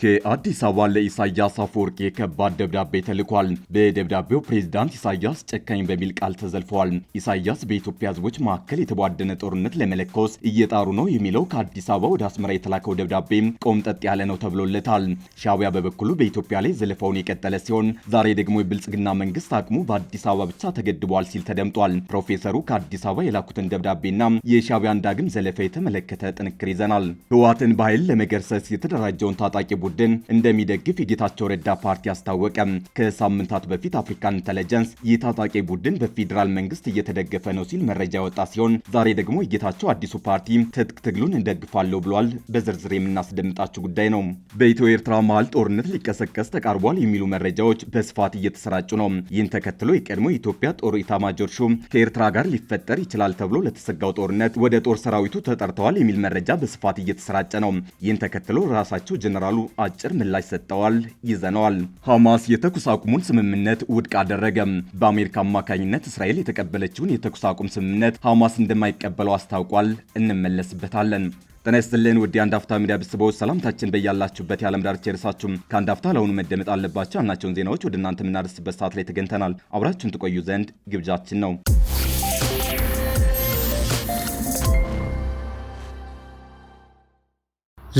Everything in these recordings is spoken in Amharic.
ከአዲስ አበባ ለኢሳያስ አፈወርቂ የከባድ ደብዳቤ ተልኳል። በደብዳቤው ፕሬዝዳንት ኢሳያስ ጨካኝ በሚል ቃል ተዘልፈዋል። ኢሳያስ በኢትዮጵያ ሕዝቦች መካከል የተቧደነ ጦርነት ለመለኮስ እየጣሩ ነው የሚለው ከአዲስ አበባ ወደ አስመራ የተላከው ደብዳቤ ቆምጠጥ ያለ ነው ተብሎለታል። ሻቢያ በበኩሉ በኢትዮጵያ ላይ ዘለፋውን የቀጠለ ሲሆን፣ ዛሬ ደግሞ የብልጽግና መንግስት አቅሙ በአዲስ አበባ ብቻ ተገድቧል ሲል ተደምጧል። ፕሮፌሰሩ ከአዲስ አበባ የላኩትን ደብዳቤና የሻቢያን ዳግም ዘለፋ የተመለከተ ጥንክር ይዘናል። ህወሓትን በኃይል ለመገርሰስ የተደራጀውን ታጣቂ ቡድን እንደሚደግፍ የጌታቸው ረዳ ፓርቲ አስታወቀ። ከሳምንታት በፊት አፍሪካን ኢንተለጀንስ ይህ ታጣቂ ቡድን በፌዴራል መንግስት እየተደገፈ ነው ሲል መረጃ የወጣ ሲሆን ዛሬ ደግሞ የጌታቸው አዲሱ ፓርቲ ትጥቅ ትግሉን እንደግፋለሁ ብሏል። በዝርዝር የምናስደምጣችሁ ጉዳይ ነው። በኢትዮ ኤርትራ መሀል ጦርነት ሊቀሰቀስ ተቃርቧል የሚሉ መረጃዎች በስፋት እየተሰራጩ ነው። ይህን ተከትሎ የቀድሞ የኢትዮጵያ ጦር ኢታማጆር ሹም ከኤርትራ ጋር ሊፈጠር ይችላል ተብሎ ለተሰጋው ጦርነት ወደ ጦር ሰራዊቱ ተጠርተዋል የሚል መረጃ በስፋት እየተሰራጨ ነው። ይህን ተከትሎ ራሳቸው ጀነራሉ አጭር ምላሽ ሰጥተዋል። ይዘነዋል። ሐማስ የተኩስ አቁሙን ስምምነት ውድቅ አደረገም በአሜሪካ አማካኝነት እስራኤል የተቀበለችውን የተኩስ አቁም ስምምነት ሐማስ እንደማይቀበለው አስታውቋል። እንመለስበታለን። ጤና ይስጥልን ውድ የአንድ አፍታ ሚዲያ ቤተሰቦች ሰላምታችን በያላችሁበት የዓለም ዳርቻ ይድረሳችሁ። ከአንድ አፍታ ለአሁኑ መደመጥ አለባቸው ያልናቸውን ዜናዎች ወደ እናንተ የምናደርስበት ሰዓት ላይ ተገኝተናል። አብራችሁን ትቆዩ ዘንድ ግብዣችን ነው።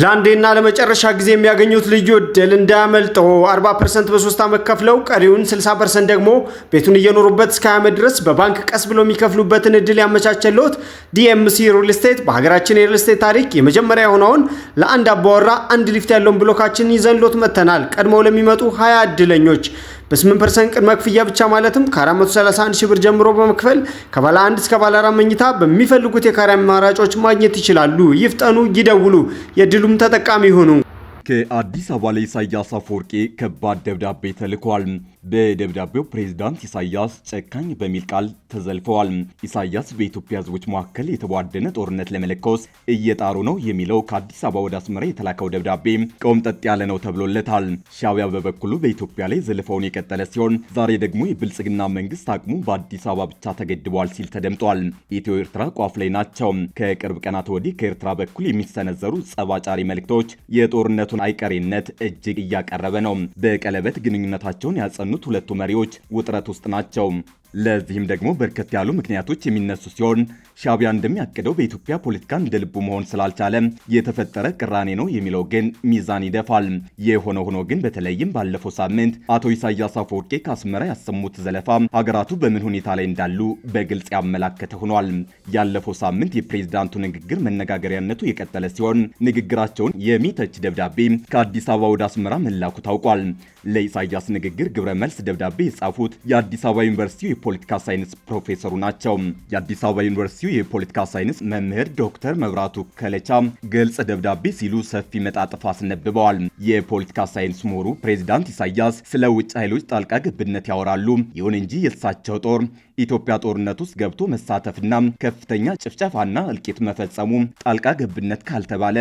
ለአንዴና ለመጨረሻ ጊዜ የሚያገኙት ልዩ እድል እንዳያመልጠው 40 ፐርሰንት በሶስት ዓመት ከፍለው ቀሪውን 60 ፐርሰንት ደግሞ ቤቱን እየኖሩበት እስከ ዓመት ድረስ በባንክ ቀስ ብሎ የሚከፍሉበትን እድል ያመቻቸልዎት ዲኤምሲ ሪል ስቴት በሀገራችን የሪል ስቴት ታሪክ የመጀመሪያ የሆነውን ለአንድ አባወራ አንድ ሊፍት ያለውን ብሎካችን ይዘንሎት መጥተናል። ቀድመው ለሚመጡ ሀያ እድለኞች በ8 ፐርሰንት ቅድመ ክፍያ ብቻ ማለትም ከ431 ሺህ ብር ጀምሮ በመክፈል ከባለ አንድ እስከ ባለ አራት መኝታ በሚፈልጉት የካሬ አማራጮች ማግኘት ይችላሉ። ይፍጠኑ፣ ይደውሉ፣ የድሉም ተጠቃሚ ይሁኑ። ከአዲስ አበባ ለኢሳያስ አፈወርቂ ከባድ ደብዳቤ ተልኳል። በደብዳቤው ፕሬዝዳንት ኢሳያስ ጨካኝ በሚል ቃል ተዘልፈዋል። ኢሳያስ በኢትዮጵያ ሕዝቦች መካከል የተቧደነ ጦርነት ለመለኮስ እየጣሩ ነው የሚለው ከአዲስ አበባ ወደ አስመራ የተላከው ደብዳቤ ቆምጠጥ ያለ ነው ተብሎለታል። ሻቢያ በበኩሉ በኢትዮጵያ ላይ ዘልፈውን የቀጠለ ሲሆን ዛሬ ደግሞ የብልጽግና መንግስት አቅሙ በአዲስ አበባ ብቻ ተገድቧል ሲል ተደምጧል። ኢትዮ ኤርትራ ቋፍ ላይ ናቸው። ከቅርብ ቀናት ወዲህ ከኤርትራ በኩል የሚሰነዘሩ ጸባጫሪ መልእክቶች የጦርነቱን አይቀሬነት እጅግ እያቀረበ ነው። በቀለበት ግንኙነታቸውን ያጸኑ የሚገኙት ሁለቱ መሪዎች ውጥረት ውስጥ ናቸው። ለዚህም ደግሞ በርከት ያሉ ምክንያቶች የሚነሱ ሲሆን ሻቢያ እንደሚያቅደው በኢትዮጵያ ፖለቲካ እንደ ልቡ መሆን ስላልቻለ የተፈጠረ ቅራኔ ነው የሚለው ግን ሚዛን ይደፋል። የሆነ ሆኖ ግን በተለይም ባለፈው ሳምንት አቶ ኢሳያስ አፈወርቄ ከአስመራ ያሰሙት ዘለፋ ሀገራቱ በምን ሁኔታ ላይ እንዳሉ በግልጽ ያመላከተ ሆኗል። ያለፈው ሳምንት የፕሬዝዳንቱ ንግግር መነጋገሪያነቱ የቀጠለ ሲሆን ንግግራቸውን የሚተች ደብዳቤ ከአዲስ አበባ ወደ አስመራ መላኩ ታውቋል። ለኢሳያስ ንግግር ግብረ መልስ ደብዳቤ የጻፉት የአዲስ አበባ ዩኒቨርሲቲው የፖለቲካ ሳይንስ ፕሮፌሰሩ ናቸው። የአዲስ አበባ ዩኒቨርሲቲው የፖለቲካ ሳይንስ መምህር ዶክተር መብራቱ ከለቻ ግልጽ ደብዳቤ ሲሉ ሰፊ መጣጥፍ አስነብበዋል። የፖለቲካ ሳይንስ ምሁሩ ፕሬዚዳንት ኢሳያስ ስለ ውጭ ኃይሎች ጣልቃ ግብነት ያወራሉ። ይሁን እንጂ የእርሳቸው ጦር ኢትዮጵያ ጦርነት ውስጥ ገብቶ መሳተፍና ከፍተኛ ጭፍጨፋና እልቂት መፈጸሙ ጣልቃ ገብነት ካልተባለ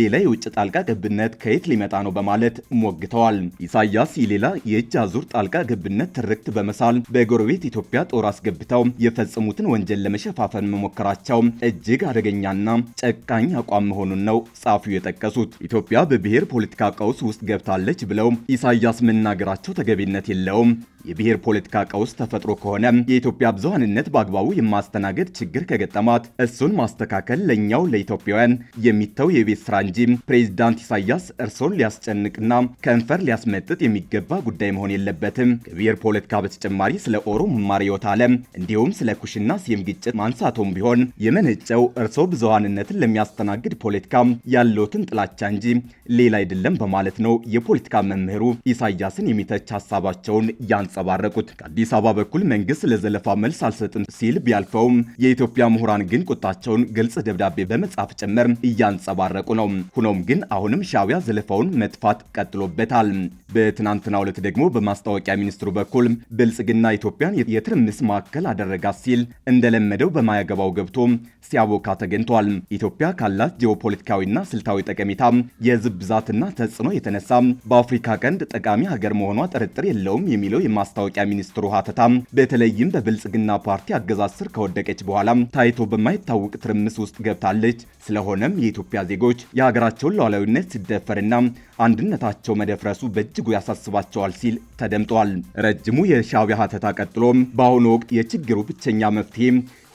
ሌላ የውጭ ጣልቃ ገብነት ከየት ሊመጣ ነው በማለት ሞግተዋል። ኢሳያስ የሌላ የእጅ አዙር ጣልቃ ገብነት ትርክት በመሳል በጎረቤት ኢትዮጵያ ጦር አስገብተው የፈጸሙትን ወንጀል ለመሸፋፈን መሞከራቸው እጅግ አደገኛና ጨቃኝ አቋም መሆኑን ነው ጸሐፊው የጠቀሱት። ኢትዮጵያ በብሔር ፖለቲካ ቀውስ ውስጥ ገብታለች ብለው ኢሳያስ መናገራቸው ተገቢነት የለውም የብሔር ፖለቲካ ቀውስ ተፈጥሮ ከሆነ የኢትዮጵያ ብዙሃንነት በአግባቡ የማስተናገድ ችግር ከገጠማት እሱን ማስተካከል ለእኛው ለኢትዮጵያውያን የሚተው የቤት ስራ እንጂ ፕሬዚዳንት ኢሳያስ እርሶን ሊያስጨንቅና ከንፈር ሊያስመጥጥ የሚገባ ጉዳይ መሆን የለበትም። ከብሔር ፖለቲካ በተጨማሪ ስለ ኦሮሞ ማሪዮት አለም እንዲሁም ስለ ኩሽና ሲም ግጭት ማንሳቶም ቢሆን የመነጨው እርሶ ብዙሃንነትን ለሚያስተናግድ ፖለቲካ ያለውትን ጥላቻ እንጂ ሌላ አይደለም በማለት ነው የፖለቲካ መምህሩ ኢሳያስን የሚተች ሀሳባቸውን ያንጽ ያንጸባረቁት። ከአዲስ አበባ በኩል መንግስት ለዘለፋ መልስ አልሰጥም ሲል ቢያልፈውም የኢትዮጵያ ምሁራን ግን ቁጣቸውን ግልጽ ደብዳቤ በመጻፍ ጭምር እያንጸባረቁ ነው። ሆኖም ግን አሁንም ሻቢያ ዘለፋውን መጥፋት ቀጥሎበታል። በትናንትናው ዕለት ደግሞ በማስታወቂያ ሚኒስትሩ በኩል ብልጽግና ኢትዮጵያን የትርምስ ማዕከል አደረጋት ሲል እንደለመደው በማያገባው ገብቶ ሲያቦካ ተገኝቷል። ኢትዮጵያ ካላት ጂኦፖለቲካዊና ስልታዊ ጠቀሜታ፣ የህዝብ ብዛትና ተጽዕኖ የተነሳ በአፍሪካ ቀንድ ጠቃሚ ሀገር መሆኗ ጥርጥር የለውም የሚለው ማስታወቂያ ሚኒስትሩ ሀተታም በተለይም በብልጽግና ፓርቲ አገዛዝ ስር ከወደቀች በኋላ ታይቶ በማይታወቅ ትርምስ ውስጥ ገብታለች። ስለሆነም የኢትዮጵያ ዜጎች የሀገራቸውን ሉዓላዊነት ሲደፈርና አንድነታቸው መደፍረሱ በእጅጉ ያሳስባቸዋል ሲል ተደምጧል። ረጅሙ የሻቢያ ሀተታ ቀጥሎም በአሁኑ ወቅት የችግሩ ብቸኛ መፍትሄ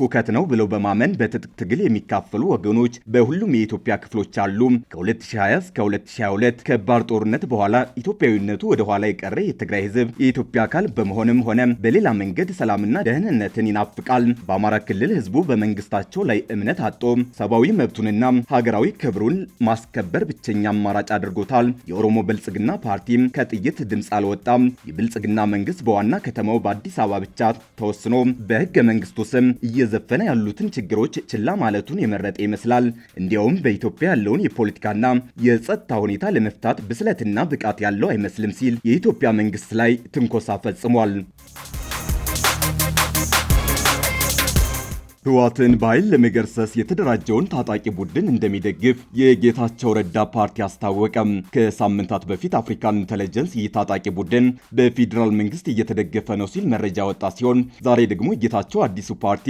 ሁከት ነው ብለው በማመን በትጥቅ ትግል የሚካፈሉ ወገኖች በሁሉም የኢትዮጵያ ክፍሎች አሉ። ከ2020 እስከ 2022 ከባድ ጦርነት በኋላ ኢትዮጵያዊነቱ ወደ ኋላ የቀረ የትግራይ ህዝብ የኢትዮጵያ አካል በመሆንም ሆነ በሌላ መንገድ ሰላምና ደህንነትን ይናፍቃል። በአማራ ክልል ህዝቡ በመንግስታቸው ላይ እምነት አጦ ሰብአዊ መብቱንና ሀገራዊ ክብሩን ማስከበር ብቸኛ አማራጭ አድርጎታል። የኦሮሞ ብልጽግና ፓርቲም ከጥይት ድምፅ አልወጣም። የብልጽግና መንግስት በዋና ከተማው በአዲስ አበባ ብቻ ተወስኖ በህገ መንግስቱ ስም እየዘፈነ ያሉትን ችግሮች ችላ ማለቱን የመረጠ ይመስላል። እንዲያውም በኢትዮጵያ ያለውን የፖለቲካና የጸጥታ ሁኔታ ለመፍታት ብስለትና ብቃት ያለው አይመስልም ሲል የኢትዮጵያ መንግስት ላይ ትንኮሳ ፈጽሟል። ህወሓትን በኃይል ለመገርሰስ የተደራጀውን ታጣቂ ቡድን እንደሚደግፍ የጌታቸው ረዳ ፓርቲ አስታወቀም። ከሳምንታት በፊት አፍሪካን ኢንተለጀንስ ይህ ታጣቂ ቡድን በፌዴራል መንግስት እየተደገፈ ነው ሲል መረጃ ወጣ ሲሆን ዛሬ ደግሞ የጌታቸው አዲሱ ፓርቲ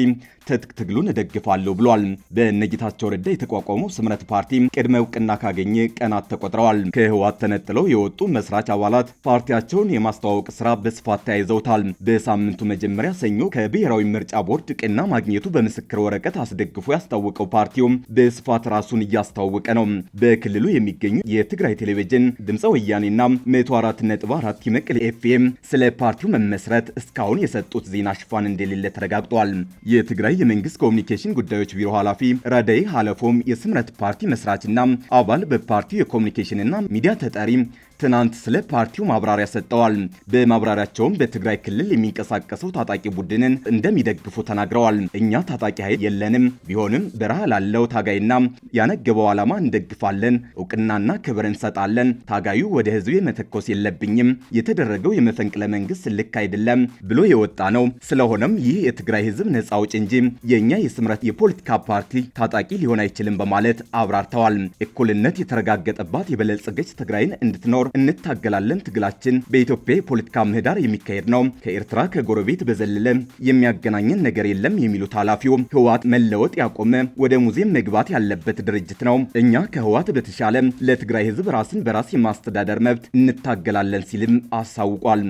ትጥቅ ትግሉን እደግፋለሁ ብሏል። በነጌታቸው ረዳ የተቋቋመው ስምረት ፓርቲ ቅድመ እውቅና ካገኘ ቀናት ተቆጥረዋል። ከህወሓት ተነጥለው የወጡ መስራች አባላት ፓርቲያቸውን የማስተዋወቅ ስራ በስፋት ተያይዘውታል። በሳምንቱ መጀመሪያ ሰኞ ከብሔራዊ ምርጫ ቦርድ ቅና ማግኘቱ በምስክር ወረቀት አስደግፎ ያስታወቀው ፓርቲውም በስፋት ራሱን እያስተዋወቀ ነው። በክልሉ የሚገኙ የትግራይ ቴሌቪዥን፣ ድምፀ ወያኔና 104.4 የመቀሌ ኤፍኤም ስለ ፓርቲው መመስረት እስካሁን የሰጡት ዜና ሽፋን እንደሌለ ተረጋግጧል። የትግራይ የመንግስት ኮሚኒኬሽን ጉዳዮች ቢሮ ኃላፊ ረዳይ ሀለፎም የስምረት ፓርቲ መስራችና አባል በፓርቲው የኮሚኒኬሽንና ሚዲያ ተጠሪ ትናንት ስለ ፓርቲው ማብራሪያ ሰጥተዋል። በማብራሪያቸውም በትግራይ ክልል የሚንቀሳቀሰው ታጣቂ ቡድንን እንደሚደግፉ ተናግረዋል። እኛ ታጣቂ ኃይል የለንም። ቢሆንም በረሃ ላለው ታጋይና ያነገበው ዓላማ እንደግፋለን፣ እውቅናና ክብር እንሰጣለን። ታጋዩ ወደ ህዝብ መተኮስ የለብኝም። የተደረገው የመፈንቅለ መንግስት ልክ አይደለም ብሎ የወጣ ነው። ስለሆነም ይህ የትግራይ ህዝብ ነጻ አውጭ እንጂ የእኛ የስምረት የፖለቲካ ፓርቲ ታጣቂ ሊሆን አይችልም በማለት አብራርተዋል። እኩልነት የተረጋገጠባት የበለጸገች ትግራይን እንድትኖር እንታገላለን። ትግላችን በኢትዮጵያ የፖለቲካ ምህዳር የሚካሄድ ነው። ከኤርትራ ከጎረቤት በዘለለ የሚያገናኘን ነገር የለም የሚሉት ኃላፊው ህወሓት መለወጥ ያቆመ ወደ ሙዚየም መግባት ያለበት ድርጅት ነው። እኛ ከህወሓት በተሻለ ለትግራይ ህዝብ ራስን በራስ የማስተዳደር መብት እንታገላለን ሲልም አሳውቋል።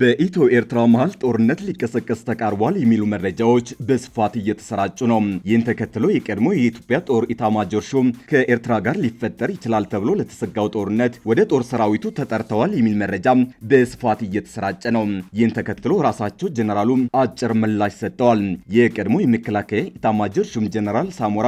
በኢትዮ ኤርትራ መሀል ጦርነት ሊቀሰቀስ ተቃርቧል የሚሉ መረጃዎች በስፋት እየተሰራጩ ነው። ይህን ተከትሎ የቀድሞ የኢትዮጵያ ጦር ኢታማጆር ሹም ከኤርትራ ጋር ሊፈጠር ይችላል ተብሎ ለተሰጋው ጦርነት ወደ ጦር ሰራዊቱ ተጠርተዋል የሚል መረጃ በስፋት እየተሰራጨ ነው። ይህን ተከትሎ ራሳቸው ጀነራሉ አጭር ምላሽ ሰጥተዋል። የቀድሞ የመከላከያ ኢታማጆር ሹም ጀነራል ሳሞራ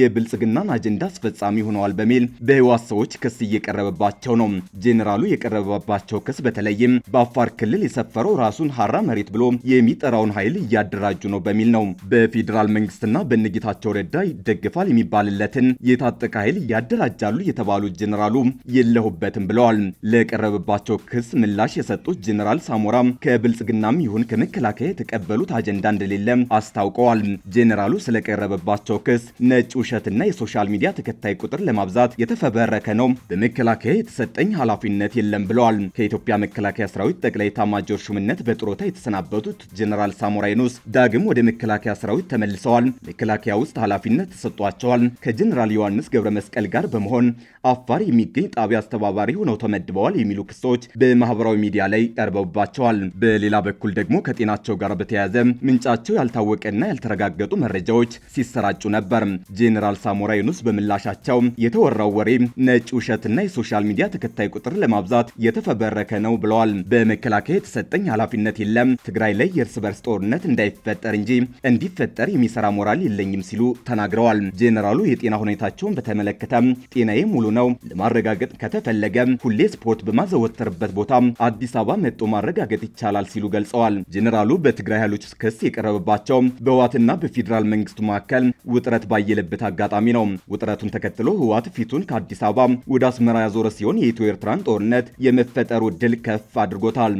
የብልጽግናን አጀንዳ አስፈጻሚ ሆነዋል በሚል በህዋት ሰዎች ክስ እየቀረበባቸው ነው። ጀኔራሉ የቀረበባቸው ክስ በተለይም በአፋር ክልል የሰፈረው ራሱን ሀራ መሬት ብሎ የሚጠራውን ኃይል እያደራጁ ነው በሚል ነው። በፌዴራል መንግስትና በንጌታቸው ረዳ ይደግፋል የሚባልለትን የታጠቀ ኃይል እያደራጃሉ የተባሉት ጀኔራሉ የለሁበትም ብለዋል። ለቀረበባቸው ክስ ምላሽ የሰጡት ጀኔራል ሳሞራ ከብልጽግናም ይሁን ከመከላከያ የተቀበሉት አጀንዳ እንደሌለ አስታውቀዋል። ጀኔራሉ ስለቀረበባቸው ክስ ነጭ ውሸትና የሶሻል ሚዲያ ተከታይ ቁጥር ለማብዛት የተፈበረከ ነው፣ በመከላከያ የተሰጠኝ ኃላፊነት የለም ብለዋል። ከኢትዮጵያ መከላከያ ሰራዊት ጠቅላይ ታማ ማጆር ሹምነት በጥሮታ የተሰናበቱት ጀነራል ሳሞራ የኑስ ዳግም ወደ መከላከያ ሰራዊት ተመልሰዋል። መከላከያ ውስጥ ኃላፊነት ተሰጥቷቸዋል። ከጀነራል ዮሐንስ ገብረ መስቀል ጋር በመሆን አፋር የሚገኝ ጣቢያ አስተባባሪ ሆነው ተመድበዋል የሚሉ ክሶች በማህበራዊ ሚዲያ ላይ ቀርበውባቸዋል። በሌላ በኩል ደግሞ ከጤናቸው ጋር በተያያዘ ምንጫቸው ያልታወቀና ያልተረጋገጡ መረጃዎች ሲሰራጩ ነበር። ጄኔራል ሳሞራ ዩኑስ በምላሻቸው የተወራው ወሬ ነጭ ውሸትና የሶሻል ሚዲያ ተከታይ ቁጥር ለማብዛት የተፈበረከ ነው ብለዋል። በመከላከያ የተሰጠኝ ኃላፊነት የለም። ትግራይ ላይ የእርስ በርስ ጦርነት እንዳይፈጠር እንጂ እንዲፈጠር የሚሰራ ሞራል የለኝም ሲሉ ተናግረዋል። ጄኔራሉ የጤና ሁኔታቸውን በተመለከተ ጤናዬ ሙሉ ነው፣ ለማረጋገጥ ከተፈለገ ሁሌ ስፖርት በማዘወተርበት ቦታ አዲስ አበባ መጦ ማረጋገጥ ይቻላል ሲሉ ገልጸዋል። ጄኔራሉ በትግራይ ኃይሎች ክስ የቀረበባቸው በህዋትና በፌዴራል መንግስቱ መካከል ውጥረት ባየለበት አጋጣሚ ነው። ውጥረቱን ተከትሎ ህዋት ፊቱን ከአዲስ አበባ ወደ አስመራ ያዞረ ሲሆን የኢትዮ ኤርትራን ጦርነት የመፈጠሩ ድል ከፍ አድርጎታል።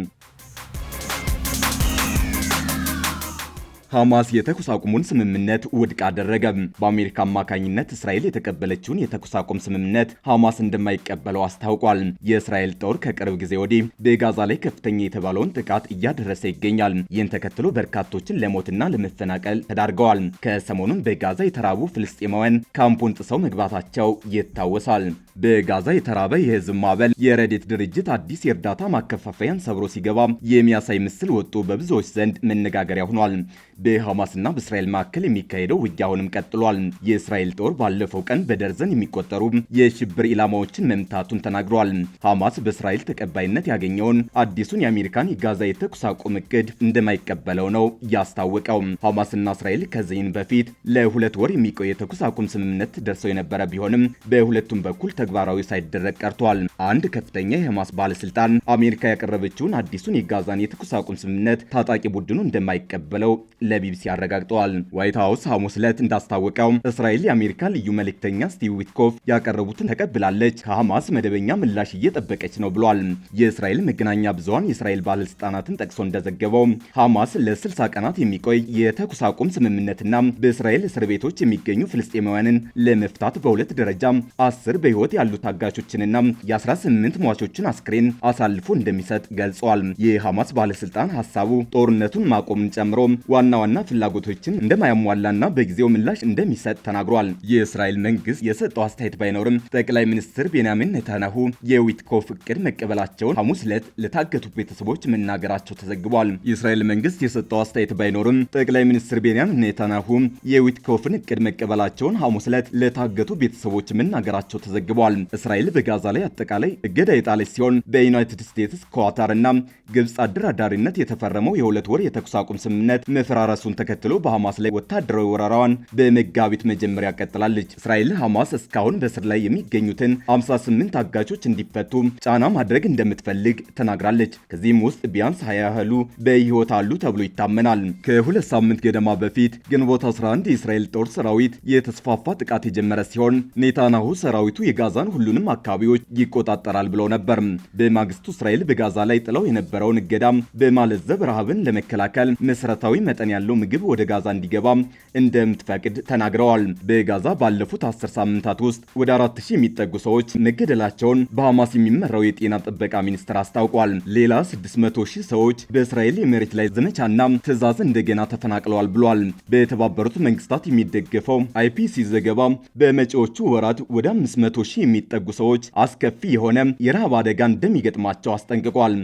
ሐማስ የተኩስ አቁሙን ስምምነት ውድቅ አደረገ። በአሜሪካ አማካኝነት እስራኤል የተቀበለችውን የተኩስ አቁም ስምምነት ሐማስ እንደማይቀበለው አስታውቋል። የእስራኤል ጦር ከቅርብ ጊዜ ወዲህ በጋዛ ላይ ከፍተኛ የተባለውን ጥቃት እያደረሰ ይገኛል። ይህን ተከትሎ በርካቶችን ለሞትና ለመፈናቀል ተዳርገዋል። ከሰሞኑን በጋዛ የተራቡ ፍልስጤማውያን ካምፑን ጥሰው መግባታቸው ይታወሳል። በጋዛ የተራበ የህዝብ ማዕበል የረዴት ድርጅት አዲስ የእርዳታ ማከፋፈያን ሰብሮ ሲገባ የሚያሳይ ምስል ወጡ በብዙዎች ዘንድ መነጋገሪያ ሆኗል። በሐማስና በእስራኤል መካከል የሚካሄደው ውጊያ አሁንም ቀጥሏል። የእስራኤል ጦር ባለፈው ቀን በደርዘን የሚቆጠሩ የሽብር ኢላማዎችን መምታቱን ተናግሯል። ሐማስ በእስራኤል ተቀባይነት ያገኘውን አዲሱን የአሜሪካን የጋዛ የተኩስ አቁም እቅድ እንደማይቀበለው ነው ያስታወቀው። ሐማስና እስራኤል ከዚህን በፊት ለሁለት ወር የሚቆይ የተኩስ አቁም ስምምነት ደርሰው የነበረ ቢሆንም በሁለቱም በኩል ተግባራዊ ሳይደረግ ቀርቷል። አንድ ከፍተኛ የሐማስ ባለስልጣን አሜሪካ ያቀረበችውን አዲሱን የጋዛን የተኩስ አቁም ስምምነት ታጣቂ ቡድኑ እንደማይቀበለው ለቢቢሲ አረጋግጠዋል። ዋይት ሀውስ ሐሙስ ዕለት እንዳስታወቀው እስራኤል የአሜሪካ ልዩ መልእክተኛ ስቲቭ ዊትኮፍ ያቀረቡትን ተቀብላለች፣ ከሐማስ መደበኛ ምላሽ እየጠበቀች ነው ብሏል። የእስራኤል መገናኛ ብዙሃን የእስራኤል ባለስልጣናትን ጠቅሶ እንደዘገበው ሐማስ ለ60 ቀናት የሚቆይ የተኩስ አቁም ስምምነትና በእስራኤል እስር ቤቶች የሚገኙ ፍልስጤማውያንን ለመፍታት በሁለት ደረጃ አስር በሕይወት ያሉ ታጋቾችንና የ18 ሟቾችን አስክሬን አሳልፎ እንደሚሰጥ ገልጿል። የሐማስ ባለስልጣን ሐሳቡ ጦርነቱን ማቆምን ጨምሮ ዋና ዋና ዋና ፍላጎቶችን እንደማያሟላና በጊዜው ምላሽ እንደሚሰጥ ተናግሯል። የእስራኤል መንግስት የሰጠው አስተያየት ባይኖርም ጠቅላይ ሚኒስትር ቤንያሚን ኔታንያሁ የዊትኮፍ እቅድ መቀበላቸውን ሐሙስ ዕለት ለታገቱ ቤተሰቦች መናገራቸው ተዘግቧል። የእስራኤል መንግስት የሰጠው አስተያየት ባይኖርም ጠቅላይ ሚኒስትር ቤንያሚን ኔታንያሁ የዊትኮፍን እቅድ መቀበላቸውን ሐሙስ ዕለት ለታገቱ ቤተሰቦች መናገራቸው ተዘግቧል። እስራኤል በጋዛ ላይ አጠቃላይ እገዳ የጣለች ሲሆን በዩናይትድ ስቴትስ ኳታርና ግብፅ አደራዳሪነት የተፈረመው የሁለት ወር የተኩስ አቁም ስምምነት መፈራ መፈራረሱን ተከትሎ በሐማስ ላይ ወታደራዊ ወረራዋን በመጋቢት መጀመሪያ ቀጥላለች። እስራኤል ሐማስ እስካሁን በእስር ላይ የሚገኙትን 58 አጋቾች እንዲፈቱ ጫና ማድረግ እንደምትፈልግ ተናግራለች። ከዚህም ውስጥ ቢያንስ 20 ያህሉ በሕይወት አሉ ተብሎ ይታመናል። ከሁለት ሳምንት ገደማ በፊት ግንቦት 11 የእስራኤል ጦር ሰራዊት የተስፋፋ ጥቃት የጀመረ ሲሆን ኔታናሁ ሰራዊቱ የጋዛን ሁሉንም አካባቢዎች ይቆጣጠራል ብለው ነበር። በማግስቱ እስራኤል በጋዛ ላይ ጥለው የነበረውን እገዳም በማለዘብ ረሃብን ለመከላከል መሰረታዊ መጠን ያለው ምግብ ወደ ጋዛ እንዲገባ እንደምትፈቅድ ተናግረዋል። በጋዛ ባለፉት አስር ሳምንታት ውስጥ ወደ አራት ሺህ የሚጠጉ ሰዎች መገደላቸውን በሐማስ የሚመራው የጤና ጥበቃ ሚኒስቴር አስታውቋል። ሌላ 600 ሺህ ሰዎች በእስራኤል የመሬት ላይ ዘመቻና ትዕዛዝ እንደገና ተፈናቅለዋል ብሏል። በተባበሩት መንግስታት የሚደገፈው አይፒሲ ዘገባ በመጪዎቹ ወራት ወደ 500 ሺህ የሚጠጉ ሰዎች አስከፊ የሆነ የረሃብ አደጋ እንደሚገጥማቸው አስጠንቅቋል።